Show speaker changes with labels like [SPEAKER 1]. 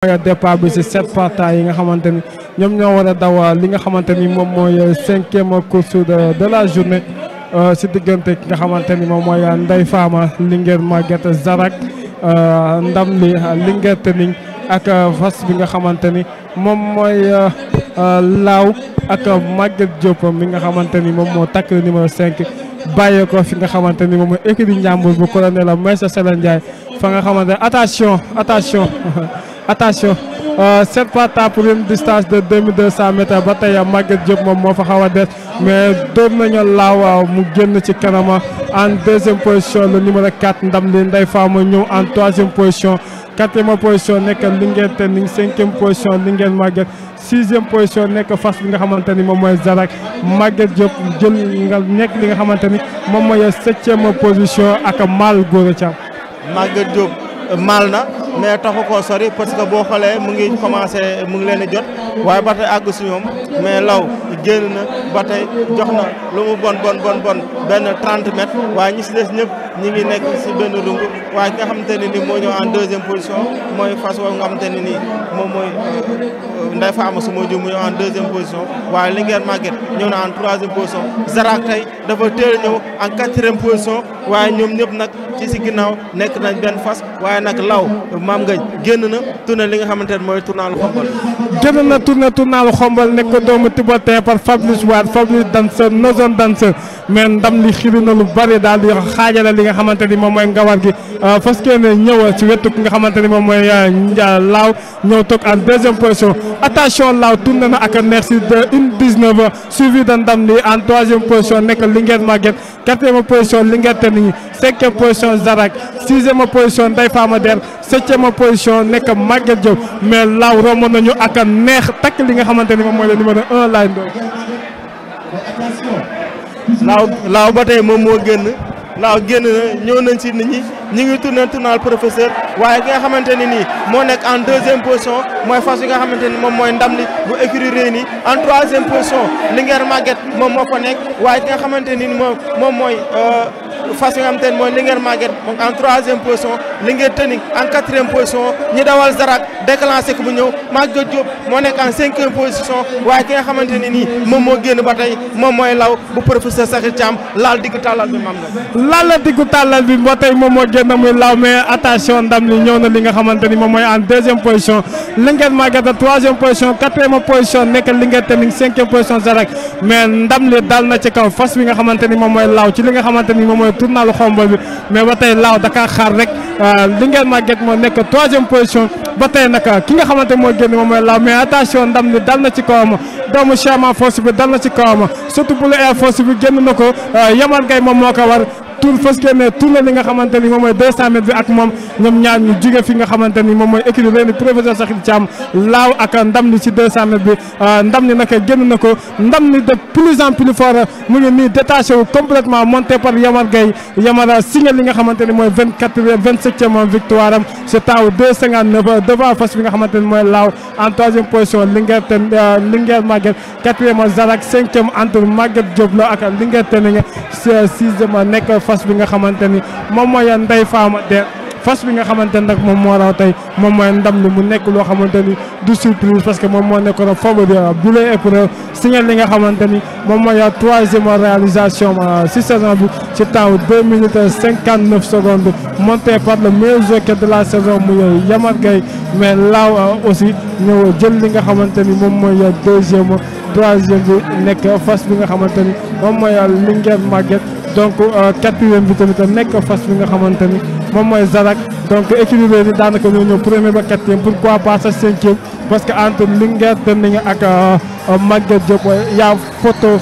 [SPEAKER 1] mooy départ bi si sept partants yi nga xamante ni ñoom ñoo war a daw euh, li nga xamante ni moom mooy euh, cinquième course de la journée si euh, diggante ki nga xamante ni moom mooy Ndeye Fama Linguère Maguette Zarak ndam li Linguère Tening ak fas bi nga xamante ni moom mooy Laaw ak Maguette Diop mi nga xamante ni moom moo takk numéro cinq bàyyee ko fi nga xamante ni moom mooy écurie Njàmbur bu colonel Maïssa Sele Ndiaye fa nga xamante attention attention attention euh, cette fois ta pour une distance de 2200 mètres ba tey Maguette Diop moom moo fa xaw a des mais dóor nañu waaw mu génn ci kanama en deuxième position le numéro 4 ndam li Ndeye Fama ñëw en troisième position quatrième position nekk Linguère Tening cinquième position Linguère Maguette sixième position nekk fas bi nga xamante ni moom mooy Zarak Maguette Diop jël nga nekk li nga xamante ni moom mooy septième position ak Mal Gora Thiam.
[SPEAKER 2] Maguette Diop euh, mal na. mais taxu koo sori parce que boo xoolee mu ngi commencé mu ngi leen di jot waaye ba tey àgg si ñoom mais law génn na ba tey jox na lu mu bon bon bon bon benn 30 mètres waaye ñi si des ñëpp ñi ngi nekk si benn rungu waaye nga xamante ne nii moo ñëw en deuxième position mooy fas woowu nga xamante ne nii moom mooy euh, Ndeye Fama su ma jiw mu ñëw en deuxième position waaye Linguère Maguette ñëw na en troisième position Zarak tey dafa teel ñëw en quatrième position waaye ñoom ñëpp nag ci si ginnaaw nekk nañ benn fas waaye nag law maam ngañ génn na tourné li nga xamante ne mooy tournaalu
[SPEAKER 1] génn na tourné tournaalu xombal nekk doomu Tiboté par Fabrice Wade Fabrice Danse Nozon Danse mais ndam li xiri na li nga xamante ni moom mooy ngawar gi euh, fas kenn ñëw ci wetu ki nga xamante ni euh, laaw ñëw toog en deuxième position attention laaw tourné na ak merci de une dix suivi de ndam li en troisième position nekk Linguère Maguette quatrième position Linguère Tening cinquième position Zarak sixième position Ndeye Fama Der septième position nekk Maguette Diop mais laaw romb nañu ak neex takk li nga xamante ni moom mooy le numéro un laay ndoy
[SPEAKER 2] laaw laaw ba tey moom moo génn ndax génn na ñëw nañ ci nit ñi ñi ngi tourné tournal professeur waaye ki nga xamante ne nii moo nekk en deuxième position mooy fas yi nga xamante ni moom mooy ndam li bu écurie Reyni en troisième position Linguère Maguette moom moo ko nekk waaye ki nga xamante ni moom moom mooy euh, fas yi nga xamante ni mooy Linguère Maguette en troisième position Linguère Tening en quatrième position ñi dawal Zarak déclenché ko bu ñëw Maguette Diop moo nekk en cinquième position waaye ki nga xamante ne nii moom moo génn ba tey moom mooy law bu professeur Sakhir Thiam laal diggu tàllal bi mam na laal la diggu tàllal bi
[SPEAKER 1] moo tey moom moo génn muy law mais attention ndam li ñëw na li nga xamante ni moom mooy en deuxième position Linguère Maguette troisième position quatrième position nekk Linguère Tening cinquième position Zarak mais na ci kaw fas bi xamante ni moom mooy law ci li nga xamante ni moom mooy tournalu xombol bi mais Linguère Maguette moo nekk troisième position ba tey nag ki nga xamante moo génn moom mooy la mais attention ndam li dal na ci kawam doomu Chaman Force bi dal na ci kawam surtout bu la Force bi génn na ko euh, Yamar Gaye moom moo ko war tour fas yéene tourné li nga xamante ni moom mooy 200 mètres bi ak moom ñoom ñaar ñu jige fi nga xamante ni mooy équipe leen professeur Sakhir Thiam laaw ak ndam li ci 200 mètres bi euh, ndam li nag génn na ko ndam li de plus en plus fort mu ngi nii détaché wu complètement monté par Yamar Gueye Yamar signé li nga xamante ni mooy 24 27e victoire am ci taaw 259 euh, devant face bi nga xamante ni mooy laaw en troisième position fas bi nga xamante ni moom mooy Ndeye Fama Der fas bi nga xamante ni nag moom moo raw tey moom mooy ndam li mu nekk loo xamante ni du surprise parce que moom moo nekkoon favori bu lay épreuve signal li nga xamante ni moom mooy troisième réalisation euh, si saison bi ci temps deux minutes cinquante neuf secondes monté par le meilleur jockey Yamar Gaye mais laaw euh, aussi ñëw jël li nga xamante ni moom mooy deuxième troisième bi nekk fas bi nga xamante ni moom mooy Linguère Maguette donc euh, quatrième bi tamit nekk fas bi nga xamante ni moom mooy Zarak donc équilibré bi daanaka ñoo ñëw premier ba quatrième pourquoi pas sa cinquième parce que entre Linguère Teningue ak euh, euh, Maguette Diop yaa photo